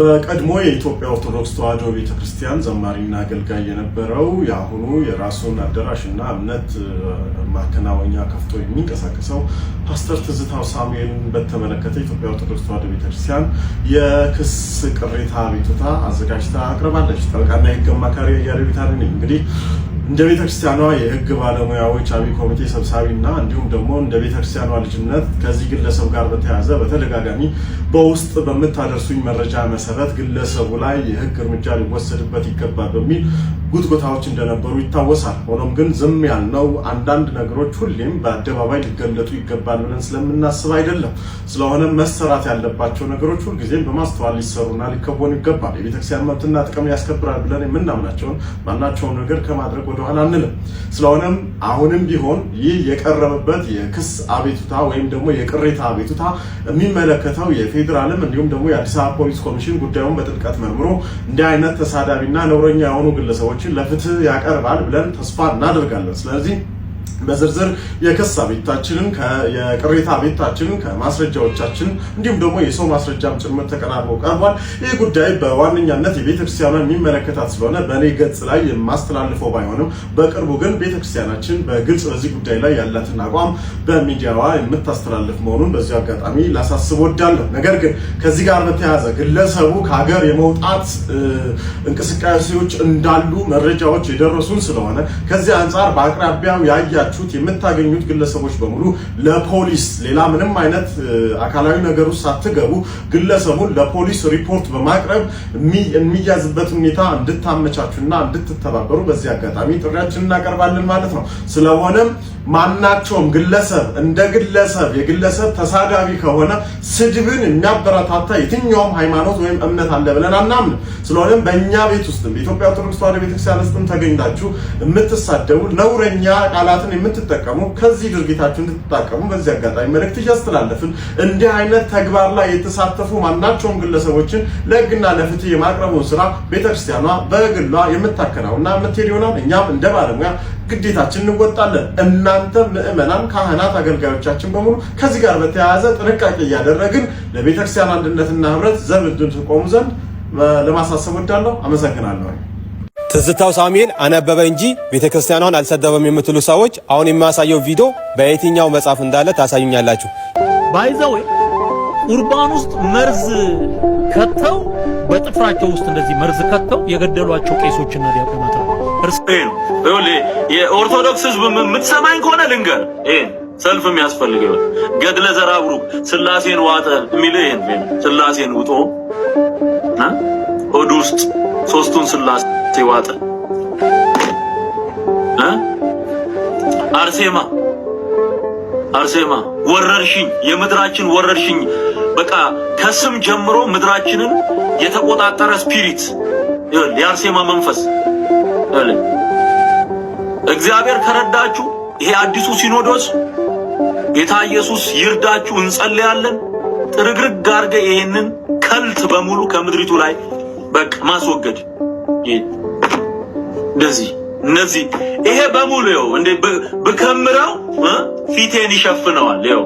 በቀድሞ የኢትዮጵያ ኦርቶዶክስ ተዋሕዶ ቤተ ክርስቲያን ዘማሪና አገልጋይ የነበረው የአሁኑ የራሱን አዳራሽና እምነት ማከናወኛ ከፍቶ የሚንቀሳቀሰው ፓስተር ትዝታው ሳሙኤልን በተመለከተ የኢትዮጵያ ኦርቶዶክስ ተዋሕዶ ቤተ ክርስቲያን የክስ ቅሬታ አቤቱታ አዘጋጅታ አቅርባለች። ጠበቃና የሕግ አማካሪ ያሬድ እንግዲህ እንደ ቤተክርስቲያኗ የህግ ባለሙያዎች አብይ ኮሚቴ ሰብሳቢ እና እንዲሁም ደግሞ እንደ ቤተክርስቲያኗ ልጅነት ከዚህ ግለሰብ ጋር በተያያዘ በተደጋጋሚ በውስጥ በምታደርሱኝ መረጃ መሰረት ግለሰቡ ላይ የህግ እርምጃ ሊወሰድበት ይገባል በሚል ጉትጎታዎች እንደነበሩ ይታወሳል። ሆኖም ግን ዝም ያልነው አንዳንድ ነገሮች ሁሌም በአደባባይ ሊገለጡ ይገባል ብለን ስለምናስብ አይደለም። ስለሆነም መሰራት ያለባቸው ነገሮች ሁልጊዜም በማስተዋል ሊሰሩና ሊከወኑ ይገባል። የቤተክርስቲያን መብትና ጥቅም ያስከብራል ብለን የምናምናቸውን ማናቸውን ነገር ከማድረግ ወደኋላ አንልም። ስለሆነም አሁንም ቢሆን ይህ የቀረበበት የክስ አቤቱታ ወይም ደግሞ የቅሬታ አቤቱታ የሚመለከተው የፌዴራልም እንዲሁም ደግሞ የአዲስ አበባ ፖሊስ ኮሚሽን ጉዳዩን በጥልቀት መርምሮ እንዲህ አይነት ተሳዳቢና ነውረኛ የሆኑ ግለሰቦች ሰዎችን ለፍትህ ያቀርባል ብለን ተስፋ እናደርጋለን። ስለዚህ በዝርዝር የክስ አቤቱታችንን የቅሬታ ቤታችንን ከማስረጃዎቻችን እንዲሁም ደግሞ የሰው ማስረጃም ጭምር ተቀራርቦ ቀርቧል። ይህ ጉዳይ በዋነኛነት የቤተክርስቲያኗን የሚመለከታት ስለሆነ በእኔ ገጽ ላይ የማስተላልፈው ባይሆንም በቅርቡ ግን ቤተክርስቲያናችን በግልጽ በዚህ ጉዳይ ላይ ያላትን አቋም በሚዲያዋ የምታስተላልፍ መሆኑን በዚሁ አጋጣሚ ላሳስብ ወዳለሁ። ነገር ግን ከዚህ ጋር በተያያዘ ግለሰቡ ከሀገር የመውጣት እንቅስቃሴዎች እንዳሉ መረጃዎች የደረሱን ስለሆነ ከዚህ አንጻር በአቅራቢያው ያያ የፈለጋችሁት የምታገኙት ግለሰቦች በሙሉ ለፖሊስ ሌላ ምንም አይነት አካላዊ ነገር ውስጥ ሳትገቡ ግለሰቡን ለፖሊስ ሪፖርት በማቅረብ የሚያዝበት ሁኔታ እንድታመቻቹና እንድትተባበሩ በዚህ አጋጣሚ ጥሪያችን እናቀርባለን ማለት ነው። ስለሆነም ማናቸውም ግለሰብ እንደ ግለሰብ የግለሰብ ተሳዳቢ ከሆነ ስድብን የሚያበረታታ የትኛውም ሃይማኖት ወይም እምነት አለ ብለን አናምን። ስለሆነም በእኛ ቤት ውስጥም በኢትዮጵያ ኦርቶዶክስ ተዋሕዶ ቤተክርስቲያን ውስጥም ተገኝታችሁ የምትሳደቡ ነውረኛ ቃላት ቃላትን የምትጠቀሙ ከዚህ ድርጊታችሁ እንድትጠቀሙ በዚህ አጋጣሚ መልእክት እያስተላለፍን እንዲህ አይነት ተግባር ላይ የተሳተፉ ማናቸውም ግለሰቦችን ለህግና ለፍትህ የማቅረቡን ስራ ቤተክርስቲያኗ በግሏ የምታከናውና የምትሄድ ይሆናል። እኛም እንደ ባለሙያ ግዴታችን እንወጣለን። እናንተ ምእመናን ካህናት፣ አገልጋዮቻችን በሙሉ ከዚህ ጋር በተያያዘ ጥንቃቄ እያደረግን ለቤተክርስቲያን አንድነትና ህብረት ዘብ እንድትቆሙ ዘንድ ለማሳሰብ ወዳለሁ። አመሰግናለሁ። ትዝታው ሳሙኤል አነበበ እንጂ ቤተክርስቲያኗን አልሰደበም የምትሉ ሰዎች አሁን የሚያሳየው ቪዲዮ በየትኛው መጽሐፍ እንዳለ ታሳዩኛላችሁ። ባይዘዌ ኡርባን ውስጥ መርዝ ከተው በጥፍራቸው ውስጥ እንደዚህ መርዝ ከተው የገደሏቸው ቄሶችና ዲያቆናት ነው። የኦርቶዶክስ ሕዝብ የምትሰማኝ ከሆነ ልንገር፣ ይሄን ሰልፍ የሚያስፈልገው ገድለ ዘራብሩ ስላሴን ዋጠ የሚል ይሄን ስላሴን ውጦ ሆድ ውስጥ ሶስቱን ስላሴ ዋጠ። አርሴማ አርሴማ ወረርሽኝ፣ የምድራችን ወረርሽኝ በቃ ከስም ጀምሮ ምድራችንን የተቆጣጠረ ስፒሪት የአርሴማ መንፈስ እግዚአብሔር ከረዳችሁ ይሄ አዲሱ ሲኖዶስ ጌታ ኢየሱስ ይርዳችሁ፣ እንጸልያለን። ጥርግርግ አድርገህ ይሄንን ከልት በሙሉ ከምድሪቱ ላይ በቃ ማስወገድ እንደዚህ እነዚህ ይሄ በሙሉ ይኸው እንደ ብከምረው ፊቴን ይሸፍነዋል። ይኸው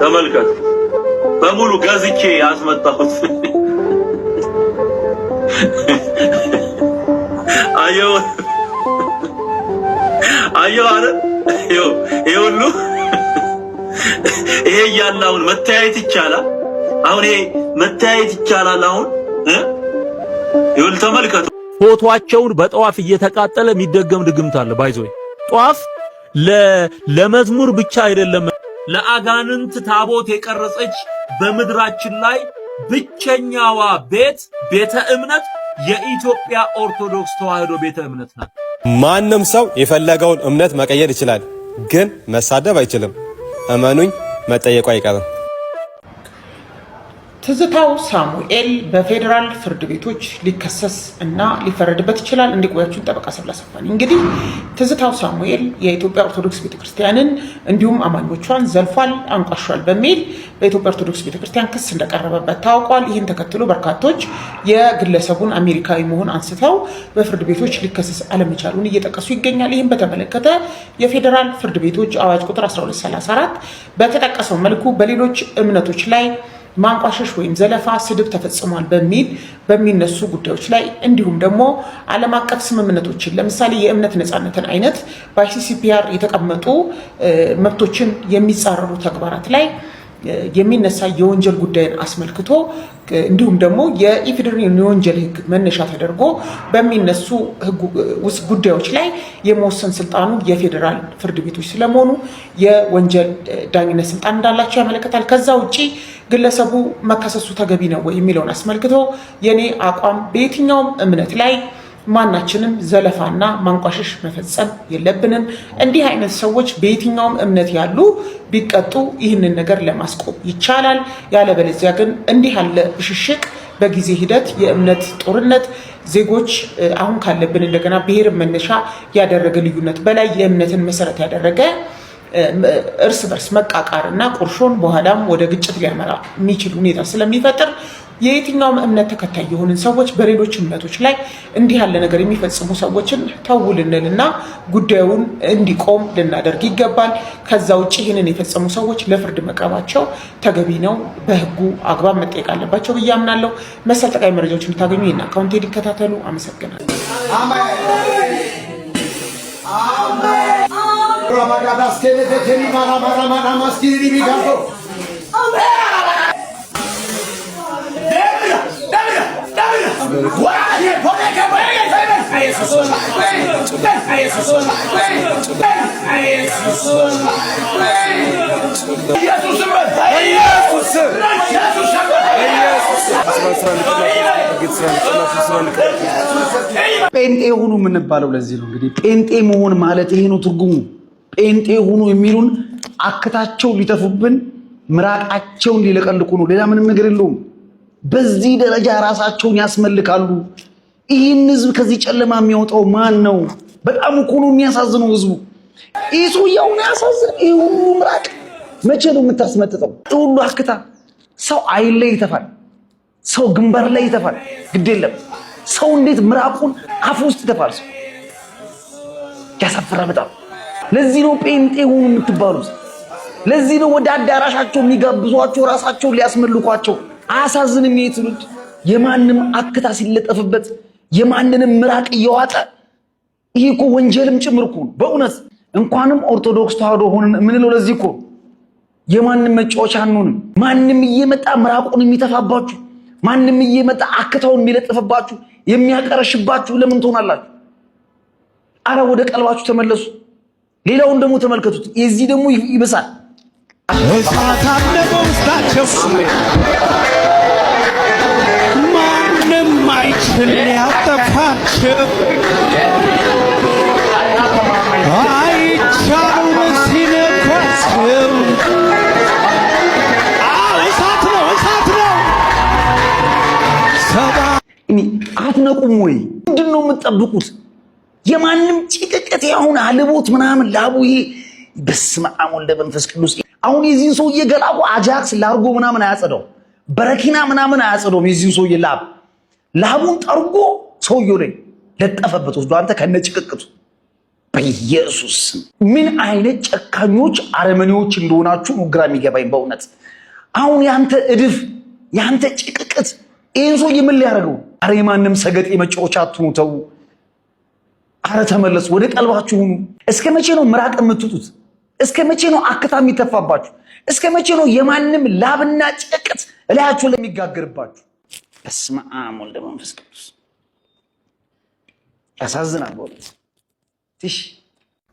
ተመልከቱ፣ በሙሉ ገዝቼ ያስመጣሁት አየሁ አየሁ አረ ይኸው ይሄ ሁሉ ይሄ እያለ አሁን መተያየት ይቻላል። አሁን ይሄ መተያየት ይቻላል አሁን ይሁን ተመልከቱ። ፎቶአቸውን በጠዋፍ እየተቃጠለ የሚደገም ድግምት አለ። ባይዘይ ጧፍ ለመዝሙር ብቻ አይደለም። ለአጋንንት ታቦት የቀረጸች በምድራችን ላይ ብቸኛዋ ቤት ቤተ እምነት የኢትዮጵያ ኦርቶዶክስ ተዋህዶ ቤተ እምነት ናት። ማንም ሰው የፈለገውን እምነት መቀየር ይችላል፣ ግን መሳደብ አይችልም። እመኑኝ፣ መጠየቁ አይቀርም። ትዝታው ሳሙኤል በፌዴራል ፍርድ ቤቶች ሊከሰስ እና ሊፈረድበት ይችላል። እንዲቆያችሁን ጠበቃ ሰብለ እንግዲህ ትዝታው ሳሙኤል የኢትዮጵያ ኦርቶዶክስ ቤተክርስቲያንን እንዲሁም አማኞቿን ዘልፏል፣ አንቋሿል በሚል በኢትዮጵያ ኦርቶዶክስ ቤተክርስቲያን ክስ እንደቀረበበት ታውቋል። ይህን ተከትሎ በርካቶች የግለሰቡን አሜሪካዊ መሆን አንስተው በፍርድ ቤቶች ሊከሰስ አለመቻሉን እየጠቀሱ ይገኛል። ይህም በተመለከተ የፌዴራል ፍርድ ቤቶች አዋጅ ቁጥር 1234 በተጠቀሰው መልኩ በሌሎች እምነቶች ላይ ማንቋሸሽ ወይም ዘለፋ፣ ስድብ ተፈጽሟል በሚል በሚነሱ ጉዳዮች ላይ እንዲሁም ደግሞ ዓለም አቀፍ ስምምነቶችን ለምሳሌ የእምነት ነፃነትን አይነት በአይሲሲፒአር የተቀመጡ መብቶችን የሚጻረሩ ተግባራት ላይ የሚነሳ የወንጀል ጉዳይን አስመልክቶ እንዲሁም ደግሞ የኢፌዴሪ የወንጀል ህግ መነሻ ተደርጎ በሚነሱ ጉዳዮች ላይ የመወሰን ስልጣኑ የፌዴራል ፍርድ ቤቶች ስለመሆኑ የወንጀል ዳኝነት ስልጣን እንዳላቸው ያመለከታል። ከዛ ውጭ ግለሰቡ መከሰሱ ተገቢ ነው የሚለውን አስመልክቶ የኔ አቋም በየትኛውም እምነት ላይ ማናችንም ዘለፋና ማንቋሸሽ መፈጸም የለብንም። እንዲህ አይነት ሰዎች በየትኛውም እምነት ያሉ ቢቀጡ ይህንን ነገር ለማስቆም ይቻላል። ያለበለዚያ ግን እንዲህ ያለ ብሽሽቅ በጊዜ ሂደት የእምነት ጦርነት ዜጎች አሁን ካለብን እንደገና ብሔር መነሻ ያደረገ ልዩነት በላይ የእምነትን መሰረት ያደረገ እርስ በርስ መቃቃር እና ቁርሾን በኋላም ወደ ግጭት ሊያመራ የሚችል ሁኔታ ስለሚፈጥር የየትኛውም እምነት ተከታይ የሆንን ሰዎች በሌሎች እምነቶች ላይ እንዲህ ያለ ነገር የሚፈጽሙ ሰዎችን ተው እና ጉዳዩን እንዲቆም ልናደርግ ይገባል። ከዛ ውጭ ይህንን የፈጸሙ ሰዎች ለፍርድ መቅረባቸው ተገቢ ነው፣ በህጉ አግባብ መጠየቅ አለባቸው ብዬ አምናለሁ። መሰል ጠቃሚ መረጃዎች እንድታገኙ ይህን አካውንት እንዲከታተሉ አመሰግናለሁ። ጴንጤ ሁኑ የምንባለው ለዚህ ነው። እንግዲህ ጴንጤ መሆን ማለት ይሄ ነው ትርጉሙ። ጴንጤ ሁኑ የሚሉን አክታቸው ሊተፉብን ምራቃቸውን ሊለቀልቁ ነው። ሌላ ምንም ነገር የለውም። በዚህ ደረጃ ራሳቸውን ያስመልካሉ። ይህን ህዝብ ከዚህ ጨለማ የሚያወጣው ማን ነው? በጣም እኮ ነው የሚያሳዝነው ህዝቡ። ይህ ሰውዬው ነው ያሳዝነው። ይህ ሁሉ ምራቅ መቼ ነው የምታስመጥጠው? ይህ ሁሉ አክታ ሰው አይን ላይ ይተፋል፣ ሰው ግንባር ላይ ይተፋል። ግድ የለም ሰው እንዴት ምራቁን አፍ ውስጥ ይተፋል? ሰው ያሳፍራ በጣም። ለዚህ ነው ጴንጤ ሁኑ የምትባሉት። ለዚህ ነው ወደ አዳራሻቸው የሚጋብዟቸው ራሳቸውን ሊያስመልኳቸው አያሳዝንም? ይሄ ትውልድ የማንም አክታ ሲለጠፍበት የማንንም ምራቅ እየዋጠ ይሄ እኮ ወንጀልም ጭምር እኮ በእውነት እንኳንም ኦርቶዶክስ ተዋህዶ ሆነን የምንለው ለዚህ እኮ የማንም መጫወቻ አንሆንም። ማንም እየመጣ ምራቁን የሚተፋባችሁ፣ ማንም እየመጣ አክታውን የሚለጥፍባችሁ፣ የሚያቀረሽባችሁ ለምን ትሆናላችሁ? አረ ወደ ቀልባችሁ ተመለሱ። ሌላውን ደግሞ ተመልከቱት። የዚህ ደግሞ ይብሳል። แล้วแต่ความเชื่อ I travel in a costume አትነቁም ወይ? ምንድን ነው የምትጠብቁት? የማንም ጭቅቅት አሁን አልቦት ምናምን ላቡ በስመ አብ ወልደ መንፈስ ቅዱስ። አሁን የዚህን ሰውዬ ገላቡ አጃክስ ላርጎ ምናምን አያጸደው፣ በረኪና ምናምን አያጸደውም የዚህን ሰውዬ ላብ ላቡን ጠርጎ ሰውየው ላይ ለጠፈበት ወስዶ አንተ ጭቅቅቱ በኢየሱስ ምን አይነት ጨካኞች አረመኔዎች እንደሆናችሁ ነው ግራ የሚገባኝ በእውነት አሁን ያንተ እድፍ ያንተ ጭቅቅት ይህን ሰውዬ ምን ሊያደርገው አረ የማንም ሰገጤ መጫወቻ አትኑ አረ ተመለሱ ወደ ቀልባችሁ ሁኑ እስከ መቼ ነው ምራቅ የምትጡት እስከ መቼ ነው አክታ የሚተፋባችሁ እስከ መቼ ነው የማንም ላብና ጭቅቅት እላያችሁ ለሚጋገርባችሁ በስመ አብ ወልደ መንፈስ ቅዱስ ያሳዝናል። በእውነት ትሽ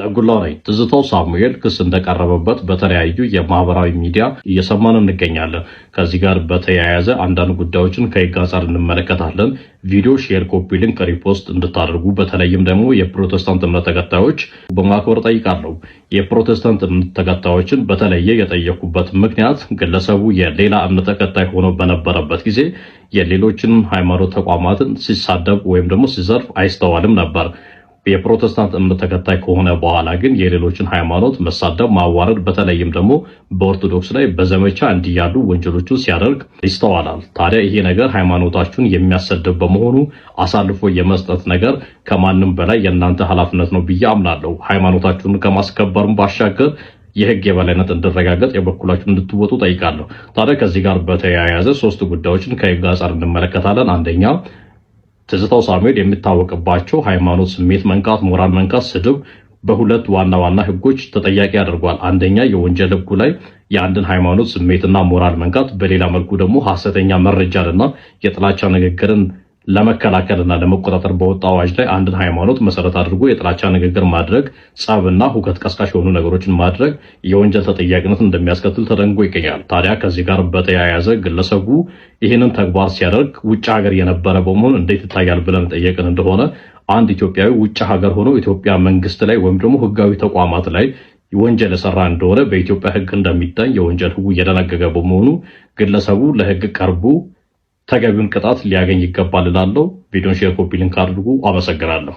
ደጉላው ነኝ። ትዝታው ሳሙኤል ክስ እንደቀረበበት በተለያዩ የማህበራዊ ሚዲያ እየሰማን እንገኛለን። ከዚህ ጋር በተያያዘ አንዳንድ ጉዳዮችን ከህግ አንጻር እንመለከታለን። ቪዲዮ ሼር፣ ኮፒ ሊንክ፣ ሪፖስት እንድታደርጉ በተለይም ደግሞ የፕሮቴስታንት እምነት ተከታዮች በማክበር ጠይቃለሁ። የፕሮቴስታንት እምነት ተከታዮችን በተለየ የጠየኩበት ምክንያት ግለሰቡ የሌላ እምነት ተከታይ ሆኖ በነበረበት ጊዜ የሌሎችን ሃይማኖት ተቋማትን ሲሳደብ ወይም ደግሞ ሲዘርፍ አይስተዋልም ነበር። የፕሮቴስታንት እምነት ተከታይ ከሆነ በኋላ ግን የሌሎችን ሃይማኖት መሳደብ፣ ማዋረድ በተለይም ደግሞ በኦርቶዶክስ ላይ በዘመቻ እንዲያሉ ወንጀሎችን ሲያደርግ ይስተዋላል። ታዲያ ይሄ ነገር ሃይማኖታችሁን የሚያሰድብ በመሆኑ አሳልፎ የመስጠት ነገር ከማንም በላይ የእናንተ ኃላፊነት ነው ብዬ አምናለሁ። ሃይማኖታችሁን ከማስከበርም ባሻገር የህግ የበላይነት እንዲረጋገጥ የበኩላችሁን እንድትወጡ ጠይቃለሁ። ታዲያ ከዚህ ጋር በተያያዘ ሶስት ጉዳዮችን ከህግ አንጻር እንመለከታለን። አንደኛ ትዝታው ሳሙኤል የሚታወቅባቸው ሃይማኖት፣ ስሜት መንካት፣ ሞራል መንካት፣ ስድብ በሁለት ዋና ዋና ህጎች ተጠያቂ አድርጓል አንደኛ የወንጀል ህጉ ላይ የአንድን ሃይማኖት ስሜትና ሞራል መንካት፣ በሌላ መልኩ ደግሞ ሀሰተኛ መረጃንና የጥላቻ ንግግርን ለመከላከልና ለመቆጣጠር በወጣ አዋጅ ላይ አንድን ሃይማኖት መሰረት አድርጎ የጥላቻ ንግግር ማድረግ፣ ጸብና ሁከት ቀስቃሽ የሆኑ ነገሮችን ማድረግ የወንጀል ተጠያቂነት እንደሚያስከትል ተደንጎ ይገኛል። ታዲያ ከዚህ ጋር በተያያዘ ግለሰቡ ይህንን ተግባር ሲያደርግ ውጭ ሀገር የነበረ በመሆኑ እንዴት ይታያል ብለን ጠየቅን እንደሆነ አንድ ኢትዮጵያዊ ውጭ ሀገር ሆኖ ኢትዮጵያ መንግስት ላይ ወይም ደግሞ ህጋዊ ተቋማት ላይ ወንጀል የሰራ እንደሆነ በኢትዮጵያ ህግ እንደሚዳኝ የወንጀል ህጉ እየደነገገ በመሆኑ ግለሰቡ ለህግ ቀርቦ ተገቢውን ቅጣት ሊያገኝ ይገባል እላለሁ። ቪዲዮን ሼር፣ ኮፒ ሊንክ አድርጉ። አመሰግናለሁ።